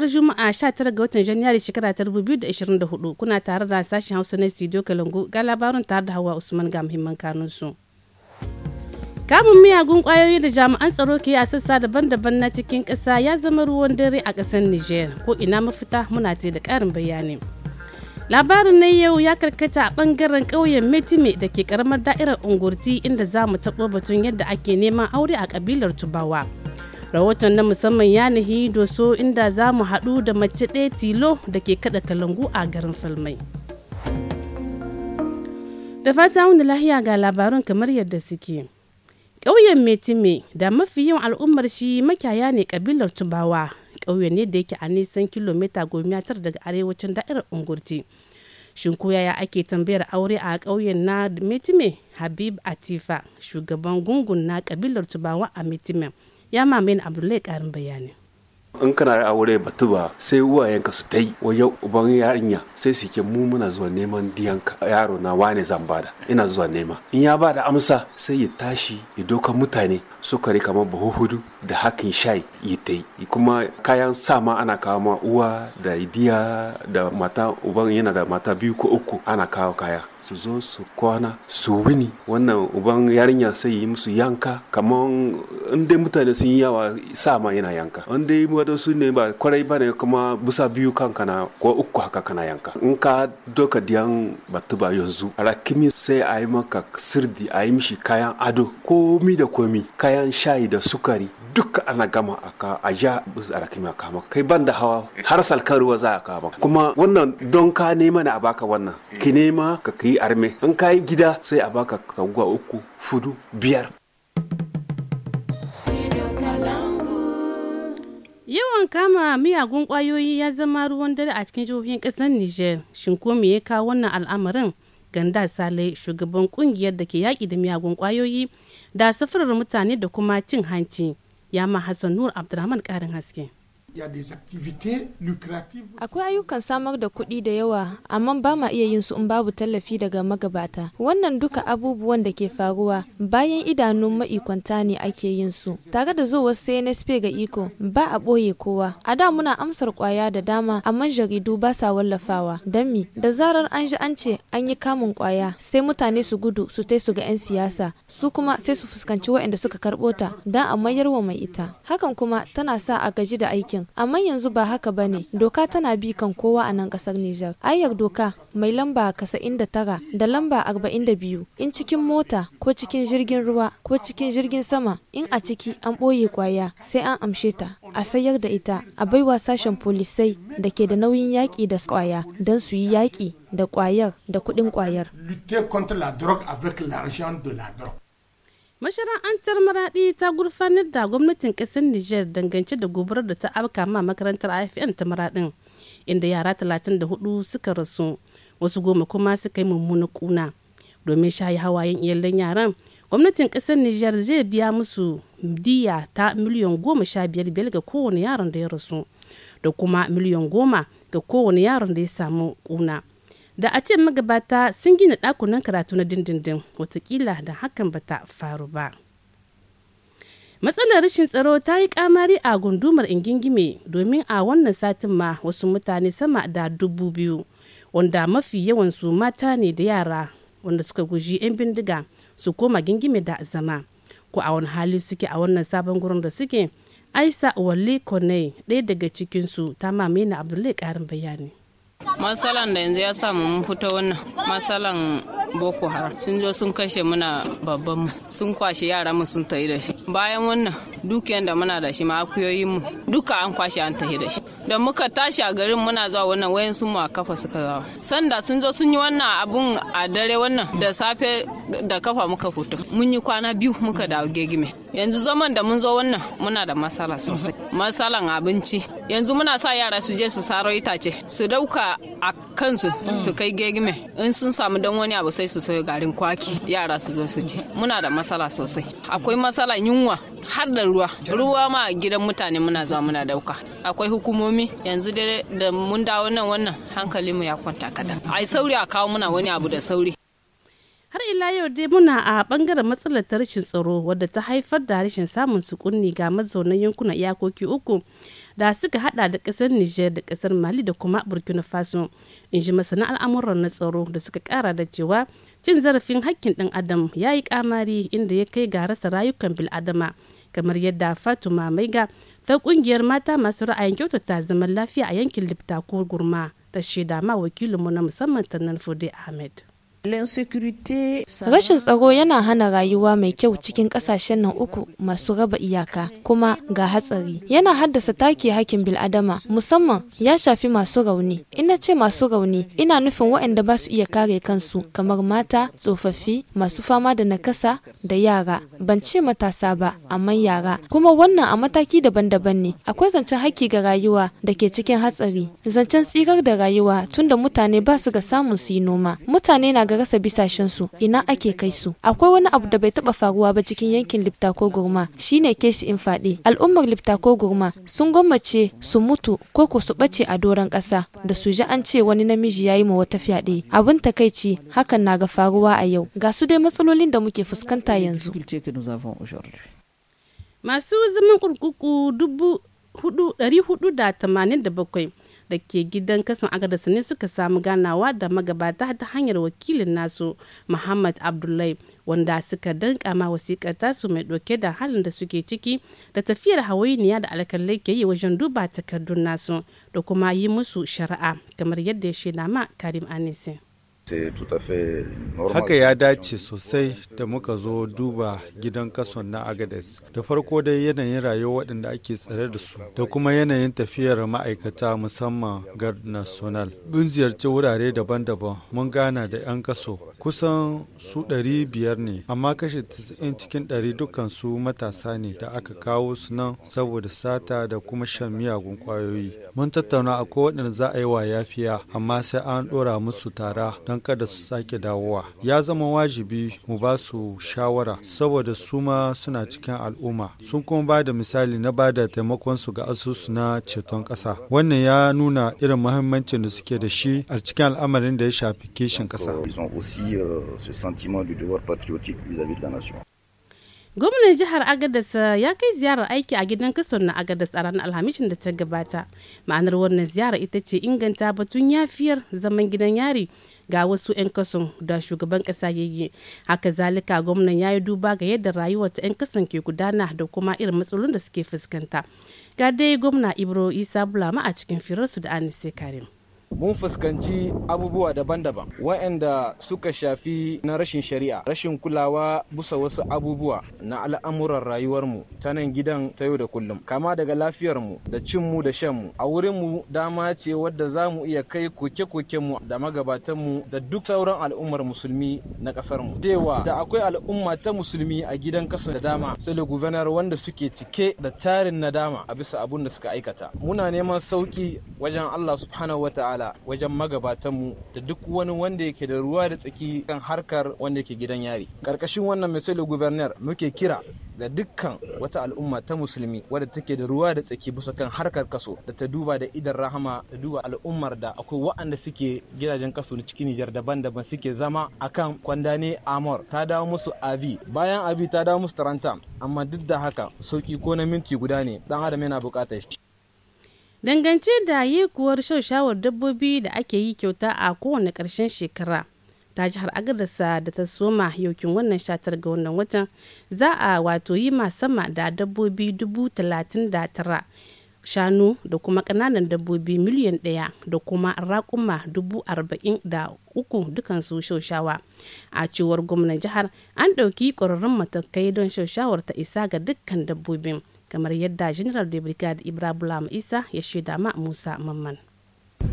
ranar Juma'a 19 ga watan Janairu shekara ta 2024 kuna tare da sashen Hausa na Studio Kalangu ga labarin tare da Hawa Usman ga muhimman su. Kamun miyagun kwayoyi da jami'an tsaro ke a sassa daban-daban na cikin ƙasa ya zama ruwan dare a ƙasar Niger ko ina mafita muna ce da ƙarin bayani. Labarin na yau ya karkata a ɓangaren ƙauyen Metime da ke ƙaramar da'irar Ungurti inda za mu taɓo batun yadda ake neman aure a ƙabilar Tubawa. rahoton na musamman ya nahi doso inda za mu haɗu da mace ɗaya tilo da ke kaɗa kalangu a garin falmai da fata wani lahiya ga labarun kamar yadda suke ƙauyen metime da mafi yin al'ummar shi makyaya ne ƙabilar tubawa ƙauye ne da yake a nisan kilomita goma tara daga arewacin da'irar ungurti shin ko yaya ake tambayar aure a ƙauyen na metime habib atifa shugaban gungun na ƙabilar tubawa a metime ya mamaye abdullahi karin bayani in kana da aure batu ba sai uwayenka su ta yi wajen uban yarinya sai su ke mu muna zuwa neman diyanka yaro na wane zan bada ina zuwa nema in ya da amsa sai ya tashi ya doka mutane sukari kamar buhu hudu da hakin shai yi ta yi kuma kayan sama ana kawo ma uwa da idiya da mata uban yana da mata biyu ko uku ana kawo kaya su zo su kwana su wini wannan uban yarinya sai yi musu yanka kamar inda mutane sun yi yawa sama yana yanka yi dai su ne ba kwarai ba ne kuma busa biyu kan kana ko uku haka kana yanka in ka doka diyan ba yanzu rakimi sai a yi maka sirdi a yi mishi kayan ado komi da komi kayan kayan shayi da sukari duka ana gama a ka a ja a kama kai ban da hawa har salkan ruwa za a kama kuma wannan don ka nema ne a baka wannan ki nema ka kai arme in ka yi gida sai a baka taguwa uku fudu biyar Yawan kama miyagun kwayoyi ya zama ruwan dare a cikin jihohin kasar niger Shin ko me ya kawo wannan al'amarin? Ganda Sale, shugaban kungiyar da ke yaki da miyagun kwayoyi, da safarar mutane da kuma cin hanci. ya ma Hassan Nur abdulrahman ƙarin haske. Akwai ayyukan samar da kuɗi da yawa, amma ba ma iya yin su in babu tallafi daga magabata. Wannan duka abubuwan da ke faruwa bayan idanun ma'ikwanta ne ake yin su. Tare da zuwar CNSP ga iko, ba a ɓoye kowa. A da muna amsar ƙwaya da dama, amma jaridu ba sa wallafawa. Don mi, da zarar an ji an ce an yi kamun ƙwaya, sai mutane su gudu su tai su ga 'yan siyasa, su kuma sai su fuskanci waɗanda suka karɓo ta, don a mayar wa mai ita. Hakan kuma tana sa a gaji da aikin. hakan amma yanzu ba haka ba ne doka tana bi kan kowa a nan kasar Nijar ayar doka mai lamba kasa'in da tara da lamba arba'in da biyu in cikin mota ko cikin jirgin ruwa ko cikin jirgin sama in a ciki an ɓoye kwaya sai an amshe ta a sayar da ita a baiwa sashen polisai da ke da nauyin yaƙi da kwaya don su yi yaƙi da kwayar da kuɗin kwayar. mashara'antar maraɗi ta gurfanar da gwamnatin ƙasar nijar dangance da gobarar da ta afka ma makarantar afn ta maraɗin inda yara 34 suka rasu wasu goma kuma suka yi mummunan kuna domin shayi hawayen iyalan yaran gwamnatin ƙasar nijar zai biya musu diya ta miliyan goma sha biyar biyar ga kowane yaron da ya rasu da kuma miliyan goma ga kowane yaron da ya samu kuna da a ce magabata sun gina ɗakunan karatu na dindindin watakila da hakan bata faru ba matsalar rashin tsaro ta yi kamari a gundumar ingingime domin a wannan satin ma wasu mutane sama da dubu biyu wanda mafi yawan su mata ne da yara wanda suka guji 'yan bindiga su koma gingime da zama ko a wani hali suke a wannan sabon gurin da suke aisa wali kone ɗaya daga cikinsu ta mamina abdullahi ƙarin bayani matsalan da yanzu ya samu mun fito wannan matsalan boko haram sun zo sun kashe muna babban mu sun kwashe yara mu sun tafi da shi bayan wannan dukiyan da muna da shi ma akuyoyin mu duka an kwashe an tafi da shi da muka tashi a garin muna zuwa wannan wayan sun mu a kafa suka zawa sanda sun zo sun yi wannan abun a dare wannan da safe da kafa muka fito mun yi kwana biyu muka dawo gegime yanzu zaman da mun zo wannan muna da masala sosai masalan abinci yanzu muna sa yara su je su saro itace su dauka a kansu su kai gegime in sun samu dan wani abu sai sai su soya garin kwaki yara su zo su ci muna da matsala sosai akwai matsala yunwa har da ruwa ruwa ma a gidan mutane muna zuwa muna dauka akwai hukumomi yanzu da mun dawo nan wannan mu ya kwanta kadan ai sauri a kawo muna wani abu da sauri har ila yau dai muna a bangaren matsalar ta rashin tsaro wadda ta haifar da rashin samun sukunni ga mazaunan yankunan iyakoki uku da suka hada da kasar niger da kasar mali da kuma burkina faso in ji masana al'amuran na tsaro da suka kara da cewa cin zarafin hakkin ɗan adam ya yi kamari inda ya kai ga rasa rayukan bil'adama kamar yadda fatuma maiga ta kungiyar mata masu ra'ayin kyautata zaman lafiya a yankin Liptako gurma ta shaida ma wakilinmu na musamman tannan fode ahmed Rashin tsaro yana hana rayuwa mai kyau cikin kasashen nan uku masu raba iyaka kuma ga hatsari. Yana haddasa take hakin bil'adama musamman ya shafi masu rauni. Ina ce masu rauni ina nufin waɗanda ba su iya kare kansu kamar mata, tsofaffi, masu fama da nakasa da yara. Ban ce matasa ba amma yara. Kuma wannan a mataki daban-daban ne. Akwai zancen haƙƙi ga rayuwa da ke cikin hatsari. Zancen tsirar da rayuwa tunda mutane ba su ga samun su yi noma. Mutane na ga rasa bisashen su ina ake kai su akwai wani abu da bai taba faruwa ba cikin yankin lipta ko gurma shine kesi in faɗi al'ummar lipta ko gurma sun gwammace su mutu ko ko su bace a doron ƙasa da su ji an ce wani namiji ya yi ma wata fyaɗe abin takaici hakan na ga faruwa a yau ga su dai matsalolin da muke fuskanta yanzu masu zaman kurkuku dubu da ke gidan kasan agadas ne suka samu ganawa da magabata ta hanyar wakilin nasu muhammad abdullahi wanda suka danka ma wasiƙar tasu mai ɗauke da halin da suke ciki da tafiyar hawainiya da alkalai ke yi wajen duba takardun nasu da kuma yi musu shari'a kamar yadda ya shaida ma karim anise Haka ya dace sosai da muka zo duba gidan kason na Agades. Da farko dai yanayin rayuwa waɗanda ake tsare da su da kuma yanayin tafiyar ma'aikata musamman gar national. Mun ziyarci wurare daban-daban mun gana da 'yan kaso kusan su 500 ne amma kashe 90 cikin ɗari dukkan su matasa ne da aka kawo su nan saboda sata da kuma shan miyagun kwayoyi Mun tattauna akwai waɗanda za a yi wa yafiya amma sai an ɗora musu tara don kada su sake dawowa ya zama wajibi mu ba su shawara saboda su ma suna cikin al'umma sun kuma ba da misali na ba da taimakon su ga asusu na ceton kasa wannan ya nuna irin muhimmancin da suke da shi a cikin al'amarin da ya shafi kishin kasa. Euh, gwamnan jihar agadas uh, ya kai ziyarar aiki a gidan kason na agadas a ranar alhamishin da ta gabata ma'anar wannan ziyarar ita ce inganta batun yafiyar zaman gidan yari ga wasu 'yan kasan da shugaban kasa yayi yi haka zalika gwamnan ya yi duba ga yadda rayuwar ta 'yan kasan ke gudana da kuma irin matsalolin da suke fuskanta ga dai gwamna ibro isa bulama a cikin firarsu da anise karim mun fuskanci abubuwa daban-daban waɗanda suka shafi na rashin shari'a rashin kulawa busa wasu abubuwa na al'amuran rayuwarmu ta nan gidan ta yau da kullum kama daga lafiyarmu da cinmu da shanmu a wurinmu dama ce wadda za mu iya kai koke-kokenmu da magabatanmu da duk sauran al'ummar musulmi na ƙasarmu cewa da akwai al'umma ta musulmi a gidan kasa da dama sai gubernar wanda suke cike da tarin nadama a bisa abun da suka aikata muna neman sauki wajen Allah subhanahu wata'ala Allah wajen magabatanmu da duk wani wanda yake da ruwa da tsaki kan harkar wanda yake gidan yari. Karkashin wannan misali gubernar muke kira ga dukkan wata al'umma ta musulmi wadda take da ruwa da tsaki bisa kan harkar kaso da ta duba da idan rahama ta duba al'ummar da akwai wa'anda suke gidajen kaso na cikin Nijar daban-daban suke zama akan kwandane Amor ta dawo musu Abi bayan Abi ta dawo musu taranta amma duk da haka sauki ko na minti guda ne dan adam yana bukatar shi. dangance da yekuwar shaushawar dabbobi da ake yi kyauta a kowane ƙarshen shekara ta jihar agadarsa da ta soma yaukin wannan shatar ga wannan watan za a wato yi ma sama da dabbobi dubu talatin da tara shanu da kuma ƙananan dabbobi miliyan ɗaya da kuma raƙuma dubu arba'in da uku dukansu shaushawa a cewar gwamnan jihar an ɗauki ƙwararrun matakai don shaushawar ta isa ga dukkan dabbobin kamar yadda general da brigade ibrahim isa ya shaida ma musa mamman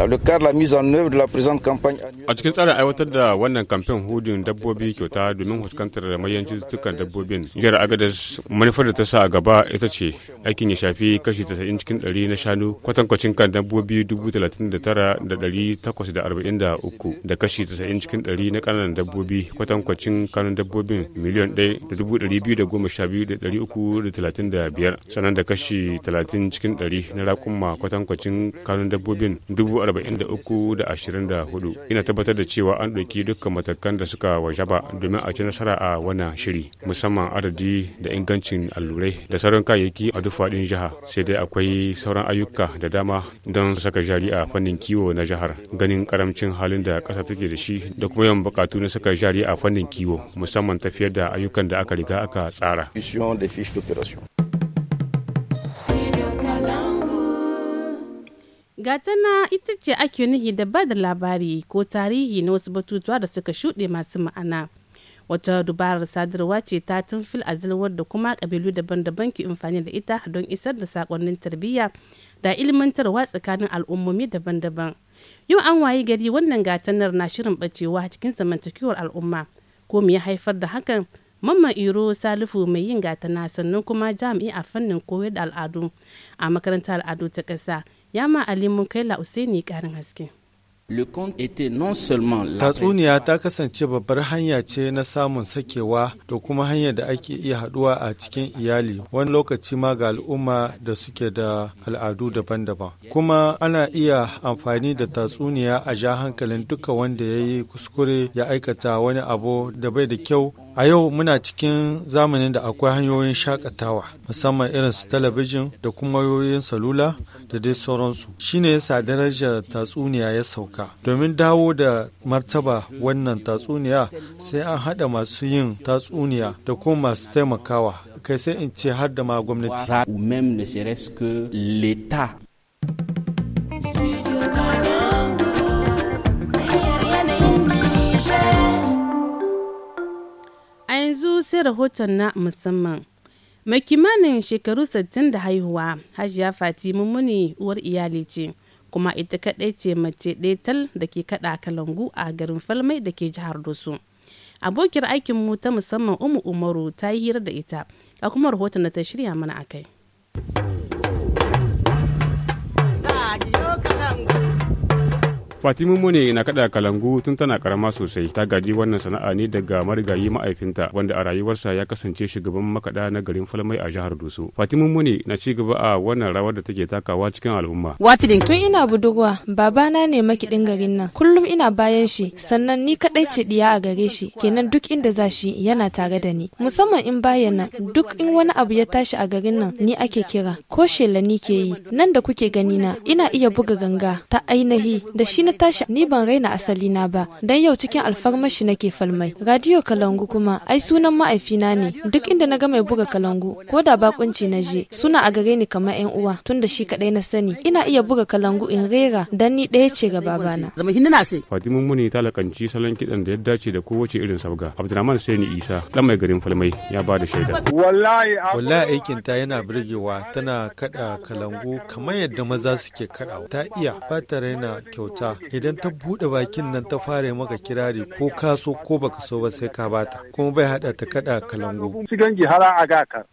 dans le cadre la la mise en œuvre de présente campagne annuelle. A cikin tsarin aiwatar da wannan kamfen hudin dabbobi kyauta domin fuskantar mayan cututtukan dabbobin, jihar Agadez manufar da ta sa a gaba ita ce aikin ya shafi kashi 90 cikin 100 na shanu kwatankwacin kan dabbobi 39,843 da kashi 90 cikin 100 na kananan dabbobi kwatankwacin kanun dabbobin miliyan 1,212,335 sannan da kashi 30 cikin 100 na rakunma kwatankwacin kanun dabbobin 40 43 da 24 ina tabbatar da cewa an ɗauki dukkan matakan da suka wajaba domin a ci nasara a wannan shiri musamman adadi da ingancin allurai da sauran kayayyaki a duk faɗin jiha sai dai akwai sauran ayyuka da dama don saka jari a fannin kiwo na jihar ganin karamcin halin da ƙasa take da shi da kuma yawan bukatu na saka jari a fannin kiwo musamman tafiyar da ayyukan da aka riga aka tsara. gatana ita ce ake nihi da ba da labari ko tarihi na wasu batutuwa da suka shuɗe masu ma'ana wata dubarar sadarwa ce ta tunfil azilwar da kuma kabilu daban-daban ke amfani da ita don isar da sakonnin tarbiyya da ilmantarwa tsakanin al'ummomi daban-daban yau an wayi gari wannan gatanar na shirin bacewa cikin zamantakewar al'umma ko me ya haifar da hakan mamma iro salifu mai yin gatana sannan kuma jami'i a fannin koyar da al'adu a makarantar al'adu ta ƙasa Yama Ali Munkaila Usaini karin haske. Tatsuniya ta kasance babbar hanya ce na samun sakewa da kuma hanyar da ake iya haduwa a cikin iyali wani lokaci ma ga al'umma da suke da al'adu daban-daban. Kuma ana iya amfani da tatsuniya a ja hankalin duka wanda ya yi kuskure ya aikata wani abu da bai da kyau A yau muna cikin zamanin da akwai hanyoyin shakatawa musamman irin su talabijin da kuma wayoyin salula da dai sauransu. Shi ne yasa darajar tatsuniya ya sauka. Domin dawo da martaba wannan tatsuniya sai an haɗa masu yin tatsuniya da kuma masu taimakawa kai sai in ce har da ma gwamnati. sai rahoton na musamman. Mai kimanin shekaru 60 da haihuwa, Hajiya Fati Mummuni uwar iyali ce, kuma ita kaɗai ce mace ɗaya tal da ke kaɗa kalangu a garin Falmai da ke jihar Doso. Abokiyar aikinmu ta musamman Umu Umaru ta yi hira da ita, ga kuma rahoton da ta shirya mana akai. kai. Fatimu Mune na kada kalangu tun tana karama sosai ta gaji wannan sana'a ne daga marigayi ma'aifinta wanda a rayuwarsa ya kasance shugaban makada na garin Falmai a jihar dusu. Fatimu Mune na ci gaba a wannan rawar da take takawa cikin al'umma. Tun ina budurwa babana ne makidin garin nan kullum ina bayan shi sannan ni kadai ce diya a gare shi kenan duk inda zashi yana tare da ni musamman in bayan nan duk in wani abu ya tashi a garin nan ni ake kira ko shela ni ke yi nan da kuke gani na ina iya buga ganga ta ainihi da shi na tashi ni ban raina asali na ba, dan yau cikin alfarmashi nake falmai. Radio Kalangu kuma ai sunan ma'aifina ne, duk inda na ga mai buga kalangu, ko da bakunci na je, suna a gare ni kamar 'yan uwa, tunda shi kadai na sani. Ina iya buga kalangu in rera dan ni ɗaya ce ga babana. Fatima Muni ta lakanci salon kidan da ya dace da kowace irin sabga. Abdulrahman Sani Isa, dan mai garin Falmai, ya ba da shaida. Wallahi aikin ta yana birgewa tana kada kalangu kamar yadda maza suke kadawa. Ta iya ba ta raina kyauta idan ta buɗe bakin nan ta fara maka kirari ko ka so ko baka so ba sai ka bata kuma bai haɗa ta kaɗa kalangu.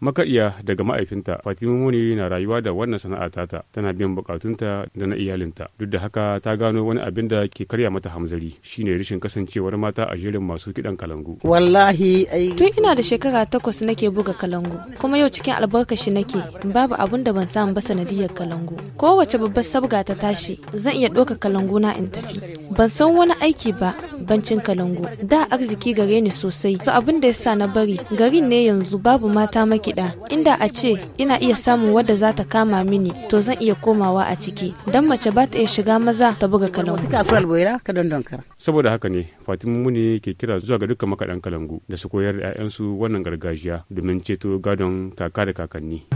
Makaɗiya daga ma'aifinta Fatima Muni na rayuwa da wannan sana'a tata tana biyan bukatunta da na iyalinta duk da haka ta gano wani abin da ke karya mata hamzari shine rashin kasancewar mata a jerin masu kiɗan kalangu. Wallahi ai. Tun ina da shekara takwas nake buga kalangu kuma yau cikin albarkashi nake babu abun da ban samu ba sanadiyar kalangu kowace babbar sabga ta tashi zan iya ɗauka kalangu na انت فيه ban san wani aiki ba bancin kalango da arziki gare ni sosai to abin da yasa na bari garin ne yanzu babu mata makida inda a ce ina iya samun wadda za ta kama mini to zan iya komawa a ciki dan mace ba ta iya shiga maza ta buga kalango saboda haka ne fatima muni ke kira zuwa ga dukkan makadan kalangu da su koyar da 'ya'yansu wannan gargajiya domin ceto gadon kaka da kakanni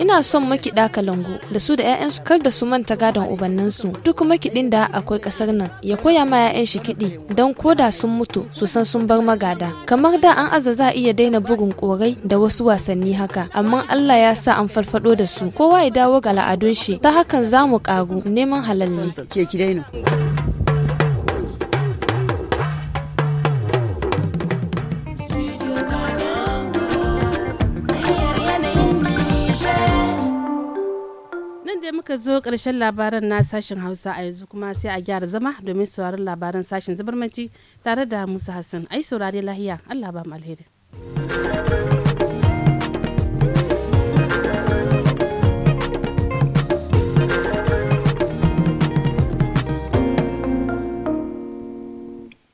ina son makida kalangu da su da su kar da su manta gadon ubannansu duk makidin yayin akwai kasar nan ya koya ma 'ya'yan shi kiɗi don koda sun mutu su san sun bar magada kamar da an aza za a iya daina bugun korai da wasu wasanni haka amma Allah ya sa an farfado da su kowa ya dawo ga al'adun shi ta hakan za mu ƙaru neman halalli. muka zo ƙarshen labaran na sashen Hausa a yanzu kuma sai a gyara zama domin sauraron labaran sashen zubarmanci tare da Musa Hassan. Ai saurare lahiya, Allah ba mu alheri.